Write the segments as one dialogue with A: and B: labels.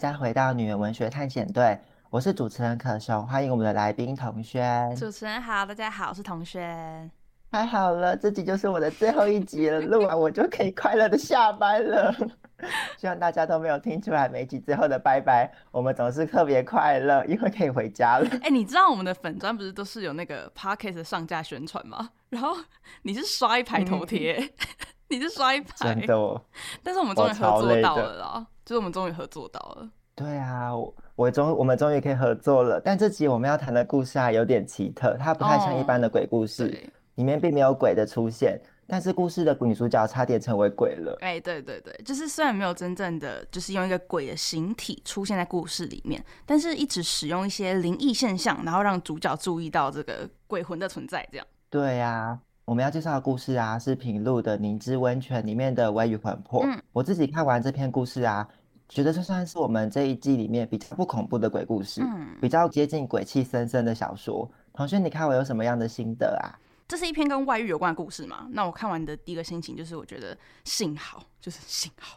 A: 再回到女研文學探險隊，我是主持人可熊，歡迎我們的來賓彤軒。主
B: 持人好，大家好，我是彤軒。
A: 太好了，這集就是我的最後一集了，錄完、 啊、我就可以快樂的下班了。 希望大家都沒有聽出來每集之後的拜拜，我們總是特別快樂，因為可以回家了。
B: 哎、欸，你知道我們的粉專不是都是有那個 Podcast 上架宣傳嗎？然後你是刷一排頭貼，嗯、 你是刷一排，真的。但是我們終於合作到了啦，就是我們終於合作到了。
A: 對啊，我終我們終於可以合作了。但這集我們要談的故事啊，有點奇特，它不太像一般的鬼故事，oh, 裡面並沒有鬼的出現，對但是故事的女主角差點成為鬼了。
B: 哎、欸，對對對，就是雖然沒有真正的，就是用一個鬼的形體出現在故事裡面，但是一直使用一些靈異現象，然後讓主角注意到這個鬼魂的存在，這樣。
A: 對呀、啊，我們要介紹的故事啊，是平路的《凝脂溫泉》裡面的《微雨魂魄》。嗯，我自己看完這篇故事啊。覺得這算是我們這一季裡面比較不恐怖的鬼故事，嗯，比較接近鬼氣森森的小說。彤軒，你看我有什麼樣的心得啊？
B: 這是一篇跟外遇有關的故事嘛？那我看完的第一個心情就是，我覺得幸好，就是幸好。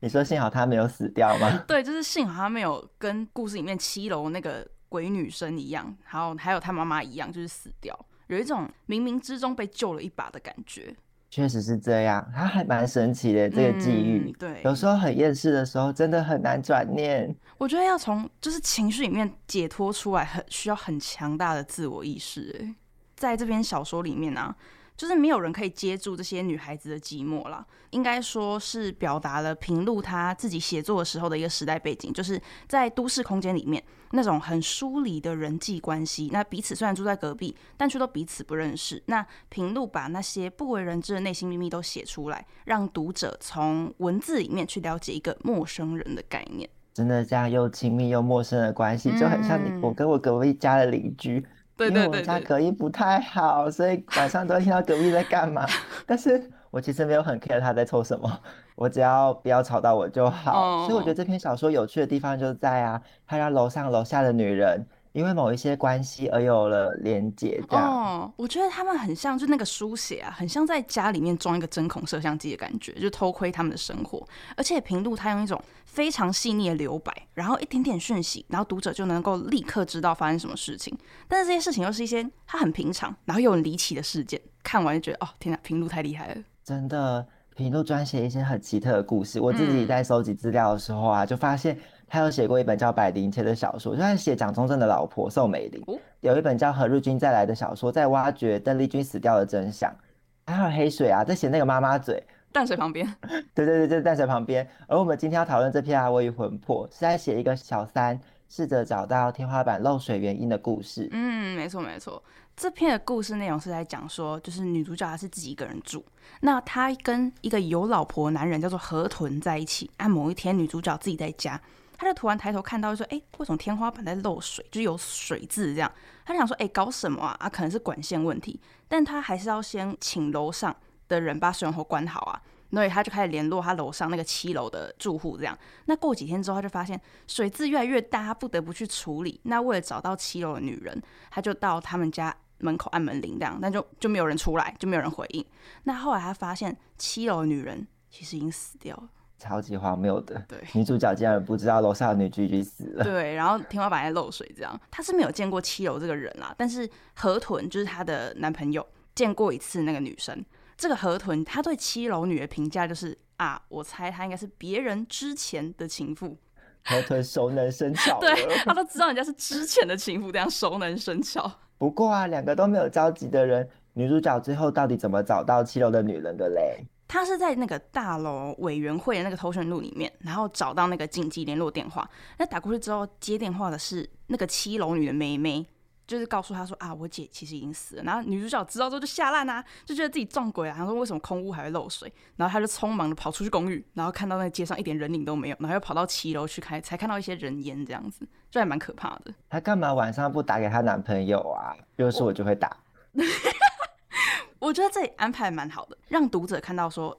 A: 你說幸好他沒有死掉嗎？
B: 對，就是幸好他沒有跟故事裡面七樓那個鬼女生一樣，然後還有他媽媽一樣，就是死掉。有一種冥冥之中被救了一把的感覺。
A: 確實是這樣，它還蠻神奇的、嗯、這個際遇。對，有時候很厭世的時候，真的很難轉念。
B: 我覺得要從就是情緒裡面解脫出來，很需要很強大的自我意識。哎，在這篇小說裡面呢、啊。就是沒有人可以接住這些女孩子的寂寞了，應該說是表達了平路他自己寫作的時候的一個時代背景，就是在都市空間裡面那種很疏離的人際關係。那彼此雖然住在隔壁，但卻都彼此不認識。那平路把那些不為人知的內心秘密都寫出來，讓讀者從文字裡面去了解一個陌生人的概念。
A: 真的這樣又親密又陌生的關係，就很像你我跟我隔壁家的鄰居。嗯
B: 因為我們家隔音不太好，對對對對，所以晚上都
A: 聽到隔壁在幹嘛。 但是我其實沒有很 care 他在湊什麼，我只要不要吵到我就好。Oh. 所以我覺得這篇小說有趣的地方就在啊，他讓樓上樓下的女人。因為某一些關係而有了連結，這樣。
B: 哦，oh, 我覺得他們很像，就那個書寫啊，很像在家裡面裝一個針孔攝像機的感覺，就偷窺他們的生活。而且平路他用一種非常細膩的留白，然後一點點訊息，然後讀者就能夠立刻知道發生什麼事情。但是這些事情又是一些他很平常，然後又很離奇的事件。看完就覺得，哦，天哪，平路太厲害了！
A: 真的，平路專寫一些很奇特的故事。我自己在收集資料的時候啊，嗯、就發現。他有寫過一本叫《百齡箋》的小說，就在寫蔣中正的老婆宋美齡；哦、有一本叫《何日君再來》的小說，在挖掘鄧麗君死掉的真相；還、啊、有《黑水》啊，在寫那個媽媽嘴
B: 淡水旁邊。
A: 對對對，就是淡水旁邊。而我們今天要討論這篇、啊《微雨魂魄，魄》，是在寫一個小三試着找到天花板漏水原因的故事。
B: 嗯，沒錯沒錯。這篇的故事內容是在講說，就是女主角她是自己一個人住，那她跟一個有老婆的男人叫做河豚在一起。啊，某一天女主角自己在家。他就突然抬頭看到，說：“哎，為什麼天花板在漏水？就是有水漬這樣。”他想說：“哎，搞什麼啊？啊，可能是管線問題。”但他還是要先請樓上的人把水龍頭關好啊。所以他就開始聯絡他樓上那個七樓的住戶這樣。那過幾天之後，他就發現水漬越來越大，他不得不去處理。那為了找到七樓的女人，他就到他們家門口按門鈴這樣，但就就沒有人出來，就沒有人回應。那後來他發現七樓的女人其實已經死掉了。
A: 超級荒謬的。對，女主角竟然不知道樓上的女鄰居死了。
B: 對，然後天花板還漏水，這樣，她是沒有見過七樓這個人啦、啊。但是河豚就是她的男朋友，見過一次那個女生。這個河豚，她對七樓女的評價就是啊，我猜她應該是別人之前的情婦。
A: 河豚熟能生巧， 對，
B: 她都知道人家是之前的情婦，這樣熟能生巧。
A: 不過啊，兩個都沒有交集的人，女主角最後到底怎麼找到七樓的女人的嘞？
B: 她是在那個大樓委員會的那個通訊錄裡面，然後找到那個緊急聯絡電話。那打過去之後，接電話的是那個七樓女的妹妹，就是告訴她說啊，我姐其實已經死了。然後女主角知道之後就嚇爛吶，就覺得自己撞鬼啊。然後說為什麼空屋還會漏水？然後她就匆忙的跑出去公寓，然後看到那個街上一點人影都沒有，然後又跑到七樓去看，才看到一些人煙這樣子，就還蠻可怕的。她
A: 幹嘛晚上不打給她男朋友啊？有事我就會打。我
B: 我覺得這裡安排蠻好的，讓讀者看到說，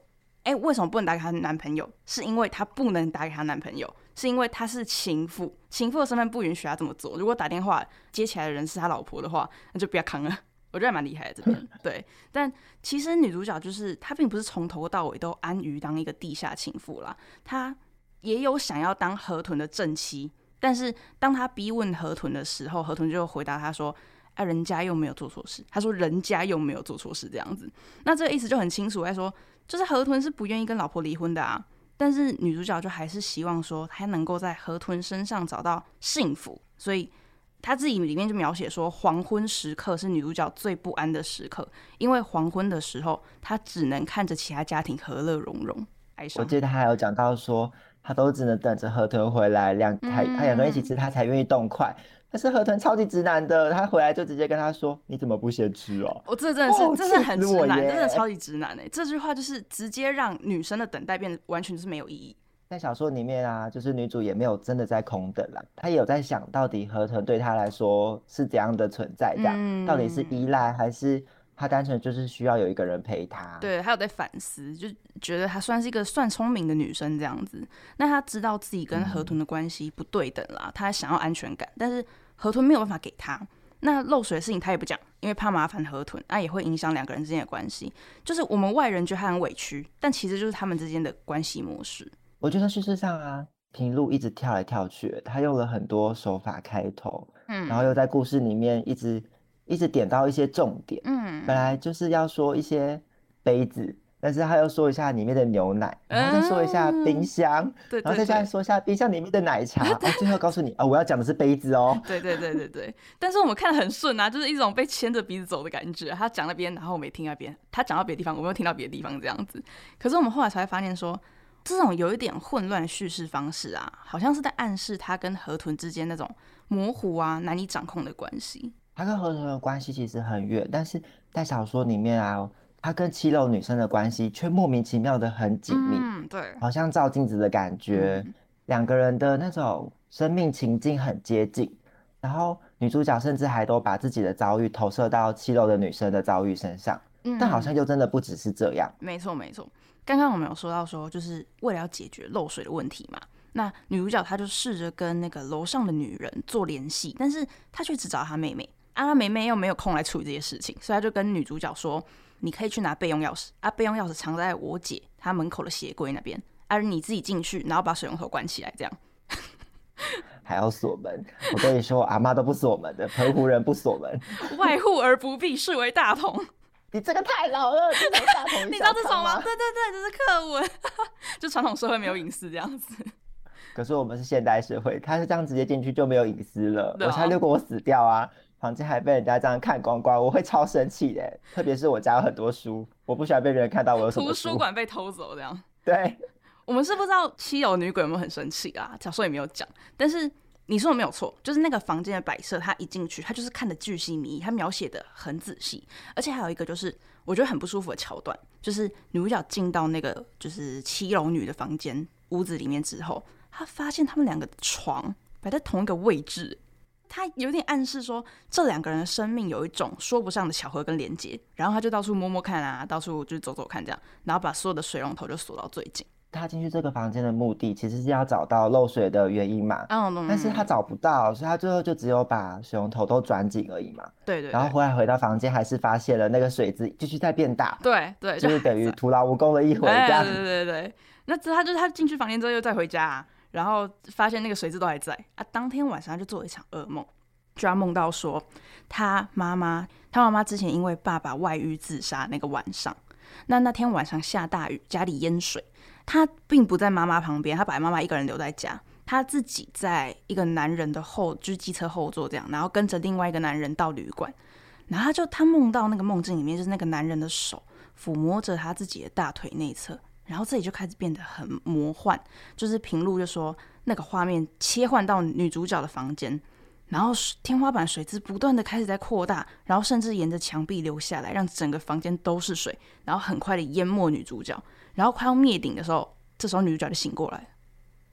B: 哎、欸，為什麼不能打給她男朋友？是因為她不能打給她男朋友，是因為她是情婦，情婦的身份不允許她這麼做。如果打電話接起來的人是她老婆的話，那就不要扛了。我覺得蠻厲害的，這邊、嗯、對。但其實女主角就是她，並不是從頭到尾都安於當一個地下情婦啦，她也有想要當河豚的正妻。但是當她逼問河豚的時候，河豚就回答她說。哎，啊、人家又沒有做錯事。他說：“人家又沒有做錯事，這樣子，那這個意思就很清楚。還說，就是河豚是不願意跟老婆離婚的啊，但是女主角就還是希望說，她能夠在河豚身上找到幸福。所以，她自己裡面就描寫說，黃昏時刻是女主角最不安的時刻，因為黃昏的時候，她只能看着其他家庭和樂融融。我記得
A: 她還有講到說，她都只能等着河豚回來，兩台、嗯、他兩個人一起吃，她才願意動筷。”但是河豚超級直男的，他回來就直接跟她說：“你怎麼不先吃啊？”
B: 我這、喔、真的是真的很直男，喔、真的超級直男哎、欸！這句話就是直接讓女生的等待變得完全是沒有意義。
A: 在小說裡面啊，就是女主也沒有真的在空等啦，她也有在想到底河豚對她來說是怎樣的存在這樣，嗯、到底是依賴還是她單純就是需要有一個人陪她？
B: 對，她有在反思，就覺得她算是一個算聰明的女生這樣子。那她知道自己跟河豚的關係不對等啦，嗯、她還想要安全感，但是，河豚沒有辦法給他，那漏水的事情他也不講，因為怕麻煩河豚，那、啊、也會影響兩個人之間的關係。就是我們外人覺得他很委屈，但其實就是他們之間的關係模式。
A: 我覺得事實上啊，平路一直跳來跳去，他用了很多手法開頭，嗯，然後又在故事裡面一直一直點到一些重點，嗯，本來就是要說一些杯子。但是他又說一下裡面的牛奶，然後再說一下冰箱，嗯、對，對，對，然後再下來說一下冰箱裡面的奶茶，我、 哦、最後告訴你啊、哦，我要講的是杯子哦。 對，
B: 對對對對對。但是我們看得很順啊，就是一種被牽着鼻子走的感覺。他講那邊，然後我沒聽到邊；他講到別的地方，我沒有聽到別的地方，這樣子。可是我們後來才會發現說，說這種有一點混亂敘事方式啊，好像是在暗示他跟河豚之間那種模糊啊、難以掌控的關係。
A: 他跟河豚的關係其實很遠，但是在小說裡面啊。他跟七樓女生的關係卻莫名其妙的很緊密，嗯，對，好像照鏡子的感覺，嗯，兩個人的那種生命情境很接近，然後女主角甚至還都把自己的遭遇投射到七樓的女生的遭遇身上，嗯，但好像就真的不只是這樣，
B: 沒錯沒錯，剛剛我們有說到說，就是為了要解決漏水的問題嘛，那女主角她就試着跟那個樓上的女人做聯繫，但是她卻只找她妹妹，啊，她妹妹又沒有空來處理這些事情，所以她就跟女主角說。你可以去拿備用鑰匙啊，備用鑰匙藏在我姐她門口的鞋櫃那邊。而、啊、你自己進去，然後把水龍頭關起來，這樣
A: 還要鎖門。我跟你說，阿媽都不鎖門的，澎湖人不鎖門，
B: 外戶而不閉視為大同 你這個太老了， 你知道這首嗎？對對對，這是課文， 就傳統社會沒有隱私這樣子。
A: 可是我們是現代社會，他是這樣直接進去就沒有隱私了。啊、我猜如果我死掉啊。房間還被人家這樣看光光，我會超生氣的。特別是我家有很多書， 我不喜歡被別人看到我有什麼書。圖書館
B: 被偷走這樣。對， 我們是不知道七樓女鬼有沒有很生氣啊？小說也沒有講。但是你說的沒有錯，就是那個房間的擺設，他一進去，他就是看的巨細靡遺，他描寫的很仔細。而且還有一個就是我覺得很不舒服的橋段，就是女主角進到那個就是七樓女的房間屋子裡面之後，她發現他們兩個床擺在同一個位置。他有點暗示說，這兩個人的生命有一種說不上的巧合跟連結，然後他就到處摸摸看啊，到處就是走走看這樣，然後把所有的水龍頭就鎖到最緊。
A: 他進去這個房間的目的其實是要找到漏水的原因嘛，oh, um, 但是他找不到，所以他最後就只有把水龍頭都轉緊而已嘛。對，對對。然後回來回到房間還是發現了那個水漬繼續在變大。對，對對，就是等於徒勞無功了一回這樣。對
B: 對，對對對，那他就是他進去房間之後又再回家啊。然後發現那個水漬都還在啊！當天晚上他就做了一場噩夢，居然夢到說他媽媽，他媽媽之前因為爸爸外遇自殺那個晚上，那那天晚上下大雨，家裡淹水，他並不在媽媽旁邊，他把媽媽一個人留在家，他自己在一個男人的後，就機車後座這樣，然後跟着另外一個男人到旅館，然後他就他夢到那個夢境裡面就是那個男人的手撫摸着他自己的大腿內側。然後這裡就開始變得很魔幻，就是平路就說那個畫面切換到女主角的房間，然後天花板水漬不斷的開始在擴大，然後甚至沿着牆壁流下來，讓整個房間都是水，然後很快的淹沒女主角，然後快要滅頂的時候，這時候女主角就醒過來，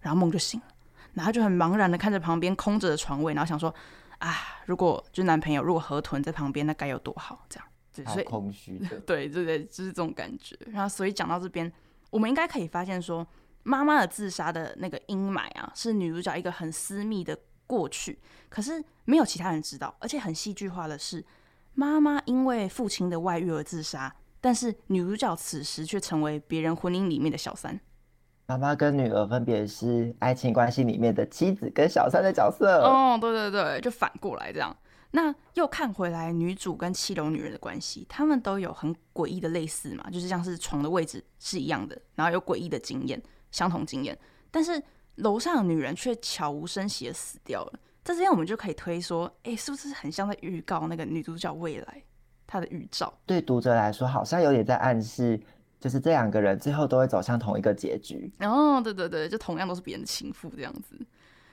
B: 然後夢就醒了，然後就很茫然的看着旁邊空着的床位，然後想說啊，如果就男朋友，如果河豚在旁邊，那該有多好？這樣，所以空虛的，對對對，就是這種感覺。然後所以講到這邊。我們應該可以發現說，說媽媽的自殺的那個陰霾啊，是女主角一個很私密的過去，可是沒有其他人知道。而且很戲劇化的是，媽媽因為父親的外遇而自殺，但是女主角此時卻成為別人婚姻裡面的小三。
A: 媽媽跟女兒分別是愛情關係裡面的妻子跟小三的角色。哦，
B: 對對對，就反過來這樣。那又看回來，女主跟七樓女人的關係，她們都有很詭異的類似嘛，就是像是床的位置是一樣的，然後有詭異的經驗，相同經驗，但是樓上的女人卻悄無聲息的死掉了。在這邊我們就可以推說，哎、欸，是不是很像在預告那個女主角未來她的預兆？
A: 對讀者來說，好像有點在暗示，就是這兩個人最後都會走向同一個結局。
B: 哦，對對對，就同樣都是別人的情婦這樣子。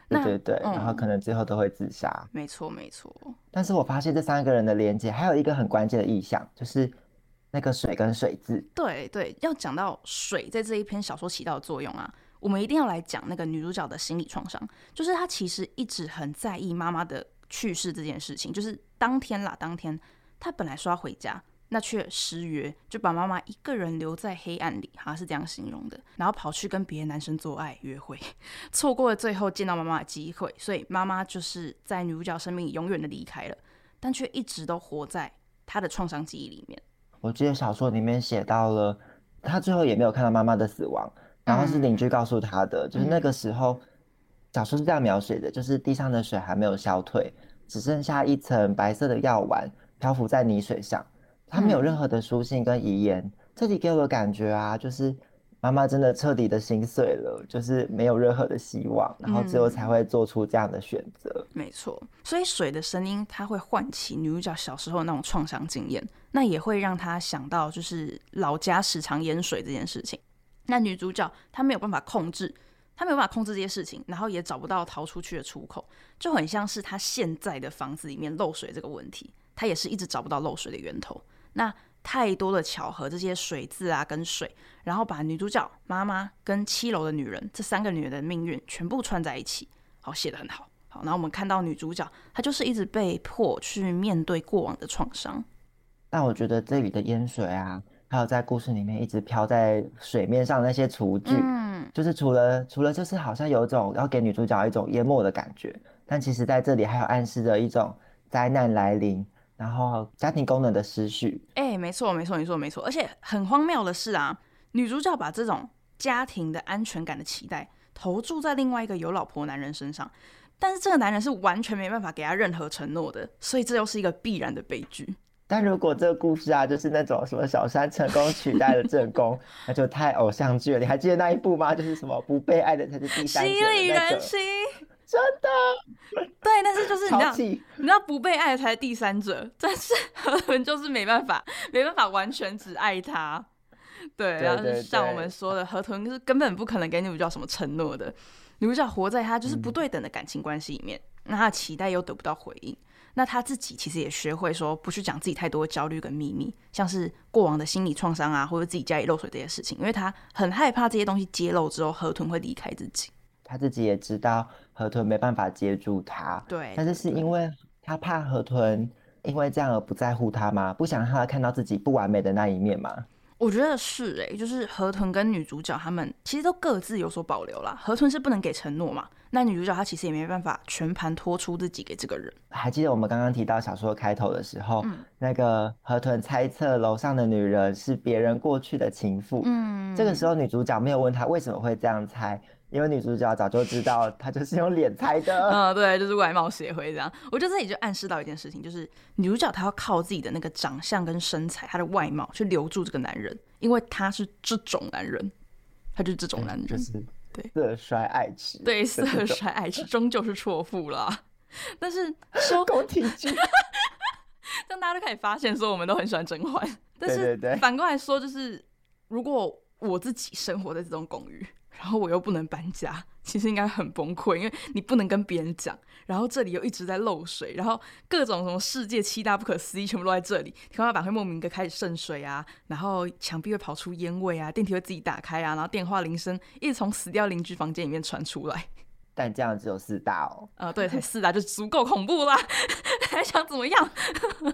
A: 那，對對對，嗯，然後可能最後都會自殺。沒錯
B: 沒錯。沒錯，
A: 但是我發現這三個人的連接還有一個很關鍵的意象，就是那個水跟水字。
B: 對對，要講到水在這一篇小說起到的作用啊，我們一定要來講那個女主角的心理創傷，就是她其實一直很在意媽媽的去世這件事情，就是當天啦，當天她本來說要回家。那卻失約，就把媽媽一個人留在黑暗裡，好像、啊、是這樣形容的。然後跑去跟別的男生做愛、約會，錯過了最後見到媽媽的機會，所以媽媽就是在女主角生命裡永遠的離開了，但卻一直都活在她的創傷記憶裡面。
A: 我記得小說裡面寫到了，她最後也沒有看到媽媽的死亡，然後是鄰居告訴她的，嗯、就是那個時候，嗯、小說是這樣描寫的，就是地上的水還沒有消退，只剩下一層白色的藥丸漂浮在泥水上。他沒有任何的書信跟遺言，這裡給我的感覺啊，就是媽媽真的徹底的心碎了，就是沒有任何的希望，然後之後才會做出這樣的選擇。嗯，
B: 沒錯，所以水的聲音它會喚起女主角小時候那種創傷經驗，那也會讓她想到就是老家時常淹水這件事情。那女主角她沒有辦法控制，她沒有辦法控制這些事情，然後也找不到逃出去的出口，就很像是她現在的房子裡面漏水這個問題，她也是一直找不到漏水的源頭。那太多的巧合，這些水漬啊，跟水，然後把女主角媽媽跟七樓的女人這三個女人的命運全部串在一起，好，寫得很好。好，那我們看到女主角，她就是一直被迫去面對過往的創傷。
A: 那我覺得這裡的淹水啊，還有在故事裡面一直飄在水面上的那些廚具，嗯，就是除了除了就是好像有一種要給女主角一種淹沒的感覺，但其實在這裡還有暗示着一種災難來臨。然後家庭功能的失序，
B: 哎，沒錯沒錯沒錯沒錯，而且很荒謬的是啊，女主角把這種家庭的安全感的期待投注在另外一個有老婆的男人身上，但是這個男人是完全沒辦法給她任何承諾的，所以這又是一個必然的悲劇。
A: 但如果這個故事啊，就是那種什麼小三成功取代了正宮， 那就太偶像劇了。你還記得那一部嗎？就是什麼不被愛
B: 的才是第三者那個、犀利人妻。真的，對，但是就是你知道，起你知道不被愛的才第三者，但是河豚就是沒辦法，沒辦法完全只愛他。對，然後就像我們說的，河豚就是根本不可能給你比較什麼承諾的，你不知道活在他就是不對等的感情關係裡面，嗯、那他的期待又得不到回應，那他自己其實也學會說不去講自己太多焦慮跟祕密，像是過往的心理創傷啊，或者自己家裡漏水這些事情，因為他很害怕這些東西揭露之後，河豚會離開自己。
A: 他自己也知道。河豚沒辦法接住他，對，但是是因為他怕河豚因為這樣而不在乎他嗎？不想讓他看到自己不完美的那一面
B: 嗎？我覺得是誒、欸，就是河豚跟女主角他們其實都各自有所保留啦，河豚是不能給承諾嘛，那女主角她其實也沒辦法全盤托出自己給這個人。還
A: 記得我們剛剛提到小說開頭的時候，嗯、那個河豚猜測樓上的女人是別人過去的情婦，嗯，這個時候女主角沒有問他為什麼會這樣猜。因為女主角早就知道，她就是用臉猜的。 嗯，
B: 對，就是外貌協會這樣。我覺得這裡就暗示到一件事情，就是女主角她要靠自己的那個長相跟身材，她的外貌去留住這個男人，因為他是這種男人，他就是這種男人，就是色衰愛弛，
A: 對，色衰愛弛，對色衰愛
B: 弛，終究是錯付了。 但是收狗體質，讓 大家都可以發現，說我們都很喜歡甄嬛。但
A: 是對對對反
B: 過來說，就是如果我自己生活在這種公寓。然後我又不能搬家，其實應該很崩潰，因為你不能跟別人講。然後這裡又一直在漏水，然後各種什麼世界七大不可思議全部都在這裡。天花板會莫名的開始滲水啊，然後牆壁會跑出煙味啊，電梯會自己打開啊，然後電話鈴聲一直從死掉鄰居房間裡面傳出來。
A: 但這樣只有四大哦。啊、
B: 呃，對，才四大就足夠恐怖了，哎、呀還想怎麼樣？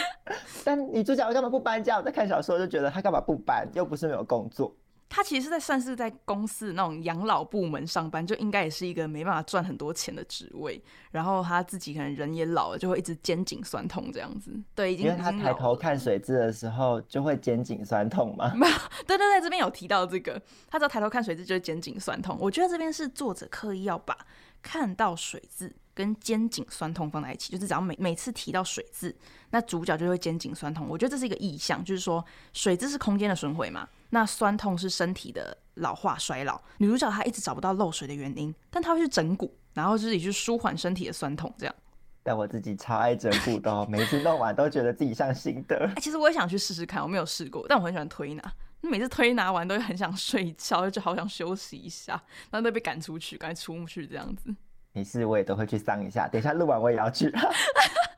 A: 但女主角我幹嘛不搬家？我在看小說就覺得她幹嘛不搬？又不是沒有工作。
B: 他其實是在算是在公司那種養老部門上班，就應該也是一個沒辦法賺很多錢的職位。然後他自己可能人也老了，就會一直肩頸痠痛這樣子。對，已經因為他抬
A: 頭看水漬的時候就會肩頸痠痛嘛。
B: 對對對，這邊有提到這個，他只要抬頭看水漬就會肩頸痠痛。我覺得這邊是作者刻意要把看到水漬跟肩頸痠痛放在一起，就是只要每每次提到水漬，那主角就會肩頸痠痛。我覺得這是一個意象，就是說水漬是空間的損毀嘛。那酸痛是身體的老化衰老。女主角她一直找不到漏水的原因，但她會去整骨，然後自己去舒緩身體的酸痛，這樣。
A: 但我自己超愛整骨的、哦， 每次弄完都覺得自己像新的。哎、欸，
B: 其實我也想去試試看，我沒有試過，但我很喜歡推拿。每次推拿完都很想睡覺，就好想休息一下，然後都被趕出去，趕出不去這樣子。
A: 沒事，我也都會去上一下。等一下錄完我也要去、啊。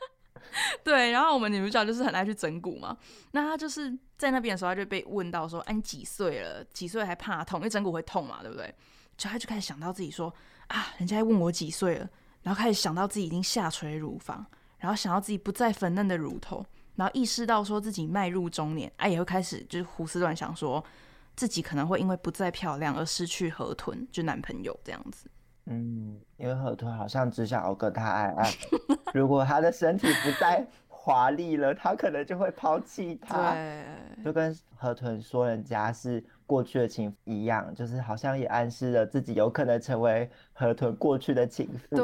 B: 對，然後我們女主角就是很愛去整骨嘛，那她就是在那邊的時候，她就被問到說：“哎、啊，你幾歲了？幾歲還怕痛？因為整骨會痛嘛，對不對？”就她就開始想到自己說：“啊，人家還問我幾歲了，然後開始想到自己已經下垂乳房，然後想到自己不再粉嫩的乳頭，然後意識到說自己邁入中年，哎、啊，也會開始就是胡思亂想說，說自己可能會因為不再漂亮而失去河豚，就男朋友這樣子。”
A: 嗯，因為河豚好像只想熬個他愛愛， 如果他的身體不再華麗了，他可能就會拋棄他。對，就跟河豚說人家是過去的情婦一樣，就是好像也暗示了自己有可能成為河豚過去的情婦。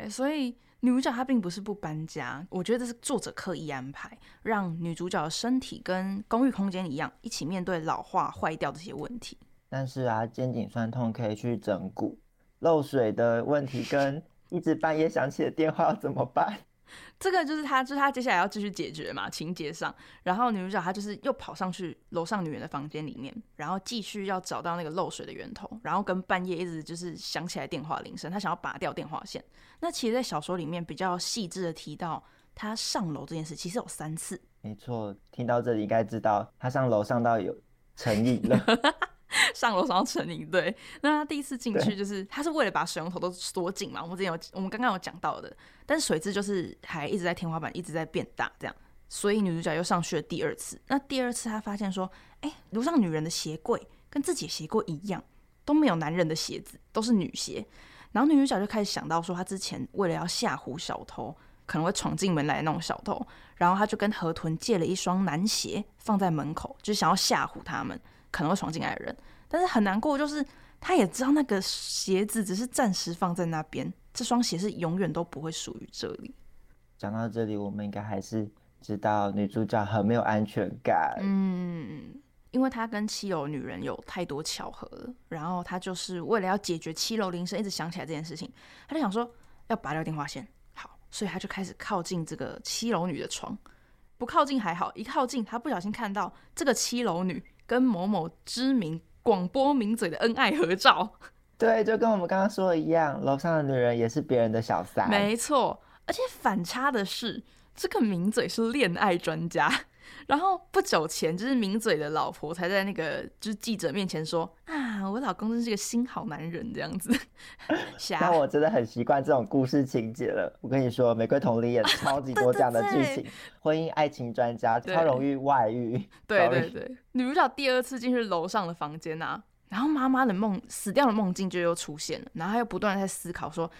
A: 對，
B: 所以女主角她並不是不搬家，我覺得是作者刻意安排，讓女主角的身體跟公寓空間一樣，一起面對老化、壞掉的這些問題。
A: 但是啊，肩頸酸痛可以去整骨。漏水的問題跟一直半夜響起的電話怎麼辦？
B: 這個就是他，就他接下來要繼續解決嘛，情節上。然後女主角她就是又跑上去樓上女人的房間裡面，然後繼續要找到那個漏水的源頭，然後跟半夜一直就是響起來電話鈴聲，她想要拔掉電話線。那其實，在小說裡面比較細緻的提到，她上樓這件事其實有三次。
A: 沒錯，聽到這裡應該知道她上樓上到有成癮了。
B: 上樓，上成一堆。那他第一次進去，就是，對他是為了把水龍頭都鎖緊嘛。我們之前有，我們剛剛有講到的。但是水漬就是還一直在天花板，一直在變大，這樣。所以女主角又上去了第二次。那第二次，她發現說，哎、欸，樓上女人的鞋櫃跟自己鞋櫃一樣，都沒有男人的鞋子，都是女鞋。然後女主角就開始想到說，她之前為了要嚇唬小偷，可能會闖進門來那種小偷，然後她就跟河豚借了一雙男鞋放在門口，就是想要嚇唬他們可能會闖進來的人。但是很難過，就是他也知道那個鞋子只是暫時放在那邊，這雙鞋是永遠都不會屬於這裡。
A: 講到這裡，我們應該還是知道女主角很沒有安全感。嗯，
B: 因為她跟七樓女人有太多巧合了，然後她就是為了要解決七樓鈴聲一直響起來這件事情，她就想說要拔掉電話線。好，所以她就開始靠近這個七樓女的床。不靠近還好，一靠近她不小心看到這個七樓女跟某某知名。廣播名嘴的恩愛合照，對，
A: 就跟我們剛剛說的一樣，樓上的女人也是別人的小三。沒
B: 錯，而且反差的是，這個名嘴是戀愛專家。然後不久前，就是名嘴的老婆才在那個就是記者面前說啊，我老公真是個新好男人這樣子。那 我
A: 真的很習慣這種故事情節了。我跟你說，《玫瑰瞳鈴》也超級多這樣的劇情， 對對對，婚姻愛情專家對超容易外遇。對對對，
B: 女主角第二次進去樓上的房間吶，啊，然後媽媽的夢死掉的夢境就又出現了，然後她又不斷在思考說，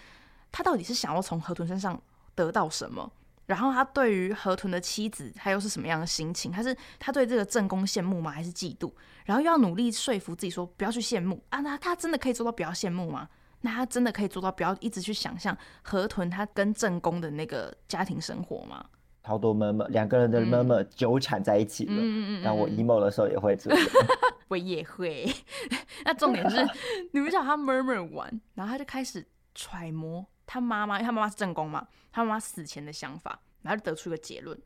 B: 她到底是想要從河豚身上得到什麼。然後他對於河豚的妻子，他又是什麼樣的心情？他是他對這個正宮羨慕嗎？還是嫉妒？然後又要努力說服自己說不要去羨慕啊？那他真的可以做到不要羨慕嗎？那他真的可以做到不要一直去想象河豚他跟正宮的那個家庭生活嗎？
A: 好多 Murmur，兩個人的 Murmur 糾纏在一起了。嗯嗯，然後我 emo 的時候也會做。
B: 我也會。 那重點是， 你們叫他 murmur 完，然後他就開始揣摩。他媽媽，因為他媽媽是正宮嘛，他媽媽死前的想法，然後就得出一個結論。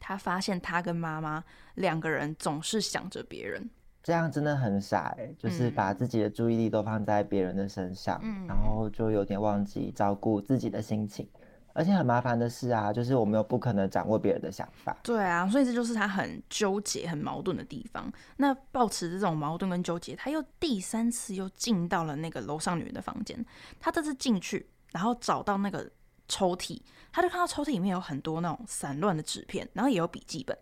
B: 他發現他跟媽媽兩個人總是想着別人，
A: 這樣真的很傻哎、欸，就是把自己的注意力都放在別人的身上，嗯，然後就有點忘記照顧自己的心情。嗯、而且很麻煩的是啊，就是我們又不可能掌握別人的想法，
B: 對啊，所以這就是他很糾結、很矛盾的地方。那抱持這種矛盾跟糾結，他又第三次又進到了那個樓上女人的房間。他這次進去。然後找到那個抽屜，他就看到抽屜裡面有很多那種散亂的紙片，然後也有筆記本，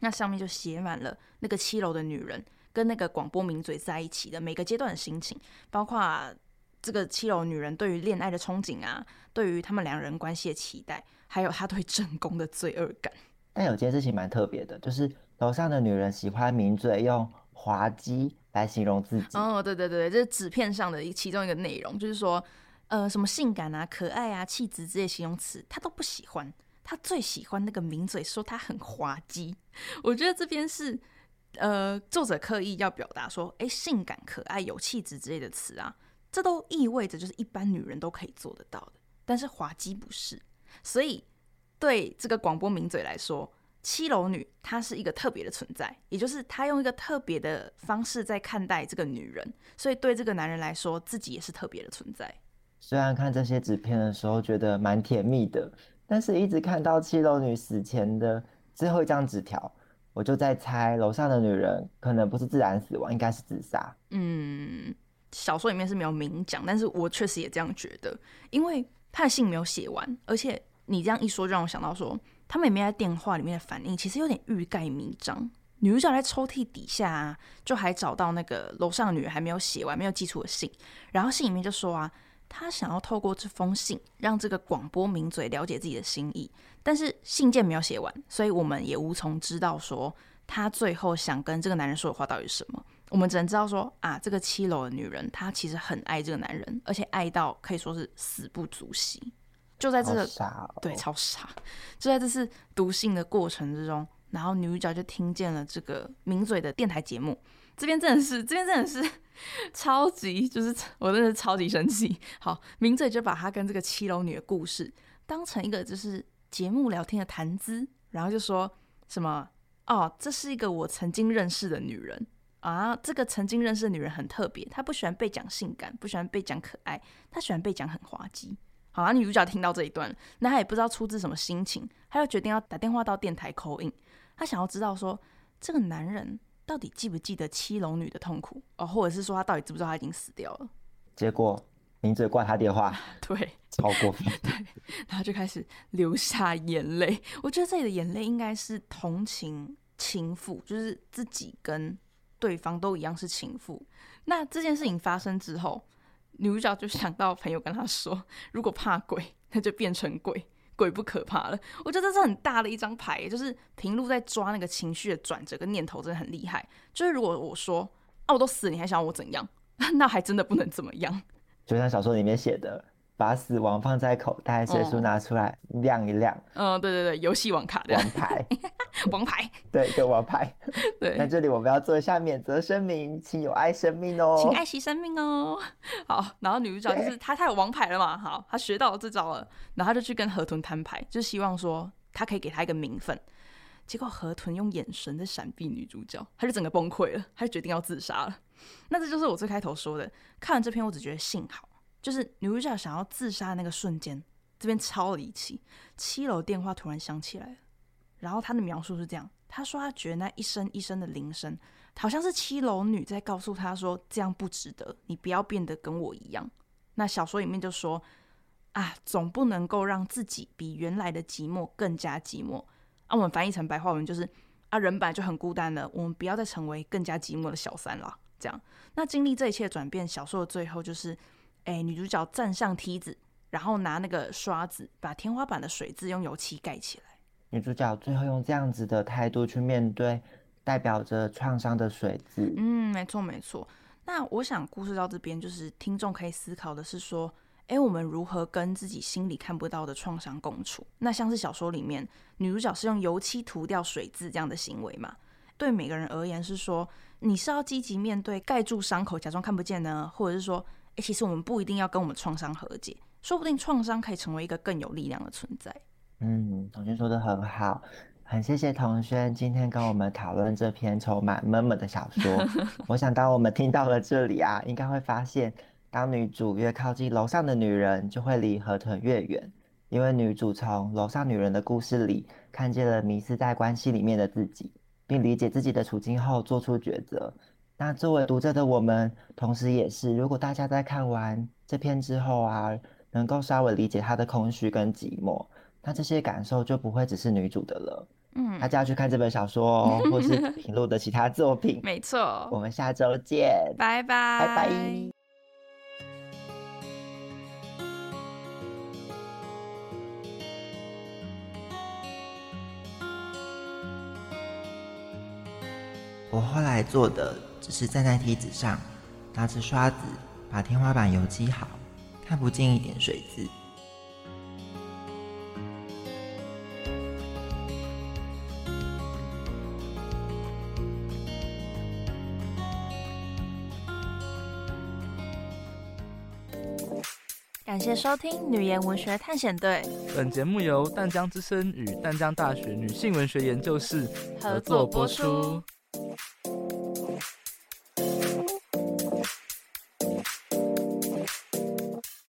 B: 那上面就寫滿了那個七樓的女人跟那個廣播名嘴在一起的每個階段的心情，包括、啊、這個七樓的女人對於戀愛的憧憬啊，對於他們兩人關係的期待，還有她對正宮的罪惡感。
A: 但有件事情蠻特別的，就是樓上的女人喜歡名嘴用滑稽來形容自己。
B: 哦，對對對，這、就是紙片上的其中一個內容，就是說。呃，什麼性感啊、可愛啊、氣質之類的形容詞，他都不喜歡。他最喜歡那個名嘴，說他很滑稽。我覺得這邊是，呃，作者刻意要表達說，哎，性感、可愛、有氣質之類的詞啊，這都意味着就是一般女人都可以做得到的。但是滑稽不是。所以對這個廣播名嘴來說，七樓女她是一個特別的存在，也就是她用一個特別的方式在看待這個女人。所以對這個男人來說，自己也是特別的存在。
A: 雖然看這些紙片的時候覺得蠻甜蜜的，但是一直看到七樓女死前的最後一張紙條，我就在猜樓上的女人可能不是自然死亡，應該是自殺。
B: 嗯，小說裡面是沒有明講，但是我確實也這樣覺得，因為她的信沒有寫完，而且你這樣一說，就讓我想到說，他們也沒在電話裡面的反應，其實有點欲蓋彌彰。女主角在抽屜底下啊，就還找到那個樓上的女人還沒有寫完、沒有寄出的信，然後信裡面就說啊。他想要透過這封信讓這個廣播名嘴了解自己的心意，但是信件沒有寫完，所以我們也無從知道說他最後想跟這個男人說的話到底是什麼。我們只能知道說啊，這個七樓的女人她其實很愛這個男人，而且愛到可以說是死不足惜。就在這個超、哦、對超傻，就在這次讀信的過程之中，然後女主角就聽見了這個名嘴的電台節目。這邊真的是，這邊真的是。 超級就是我，真的超級生氣。好，名嘴就把他跟這個七樓女的故事當成一個就是節目聊天的談資，然後就說什麼哦，這是一個我曾經認識的女人啊，這個曾經認識的女人很特別，她不喜歡被講性感，不喜歡被講可愛，她喜歡被講很滑稽。好，女主角聽到這一段，那她也不知道出自什麼心情，她就決定要打電話到電台 call in，她想要知道說這個男人。到底記不記得七樓女的痛苦哦，或者是說她到底知不知道她已經死掉了？
A: 結果名字掛她電話， 對，超過分， 對，
B: 然後就開始流下眼淚。我覺得這裡的眼淚應該是同情情婦，就是自己跟對方都一樣是情婦。那這件事情發生之後，女主角就想到朋友跟她說，如果怕鬼，那就變成鬼。鬼不可怕了，我覺得這是很大的一張牌，就是平路在抓那個情緒的轉折跟念頭，真的很厲害。就是如果我說啊，我都死了，你還想要我怎樣？那還真的不能怎麼樣。
A: 就像小說裡面寫的。把死亡放在口袋，隨時拿出來、嗯、亮一亮。
B: 嗯，對對對，遊戲王卡的王牌，
A: 王牌，王牌，對，個王牌。
B: 對，那這
A: 裡我們要做一下免責聲明，請有愛生命哦，請愛
B: 惜生命哦。好，然後女主角就是對她，太有王牌了嘛。好，她學到了這招了，然後她就去跟河豚攤牌，就希望說她可以給她一個名分。結果河豚用眼神在閃避女主角，她就整個崩潰了，她就決定要自殺了。那這就是我最開頭說的，看了這篇我只覺得幸好。就是女主角想要自殺的那個瞬間，這邊超離奇，七樓電話突然響起來了。然後她的描述是這樣：她說她覺得那一聲一聲的鈴聲，好像是七樓女在告訴她說，這樣不值得，你不要變得跟我一樣。那小說裡面就說：啊，總不能夠讓自己比原來的寂寞更加寂寞。啊，我們翻譯成白話文就是：啊，人本來就很孤單了，我們不要再成為更加寂寞的小三了。這樣，那經歷這一切轉變，小說的最後就是。欸，女主角站上梯子，然後拿那個刷子把天花板的水漬用油漆蓋起來。
A: 女主角最後用這樣子的態度去面對代表着創傷的水漬。
B: 嗯，沒錯沒錯。那我想故事到這邊，就是聽眾可以思考的是說，欸，我們如何跟自己心裡看不到的創傷共處？那像是小說裡面女主角是用油漆塗掉水漬這樣的行為嘛？對每個人而言是說，你是要積極面對，蓋住傷口，假裝看不見呢，或者是說……欸、其實我們不一定要跟我們創傷和解，說不定創傷可以成為一個更有力量的存在。
A: 嗯，彤軒說得很好，很謝謝彤軒今天跟我們討論這篇充滿悶悶的小說。 我想，當我們聽到了這裡啊，應該會發現，當女主越靠近樓上的女人，就會離河豚越遠，因為女主從樓上女人的故事裡看見了迷失在關係裡面的自己，並理解自己的處境後，做出抉擇。那作為讀者的我們，同時也是，如果大家在看完這篇之後啊，能夠稍微理解她的空虛跟寂寞，那這些感受就不會只是女主的了。嗯，大家要去看這本小說哦，或是平路的其他作品。 沒錯錯，我們下周
B: 見，拜拜，拜拜。
A: 我後來做的。只是站在梯子上，拿着刷子把天花板油漆好，看不見一點水漬。
B: 感謝收聽《女研文學探險隊》。
A: 本節目由淡江之聲與淡江大學女性文學研究室合作播出。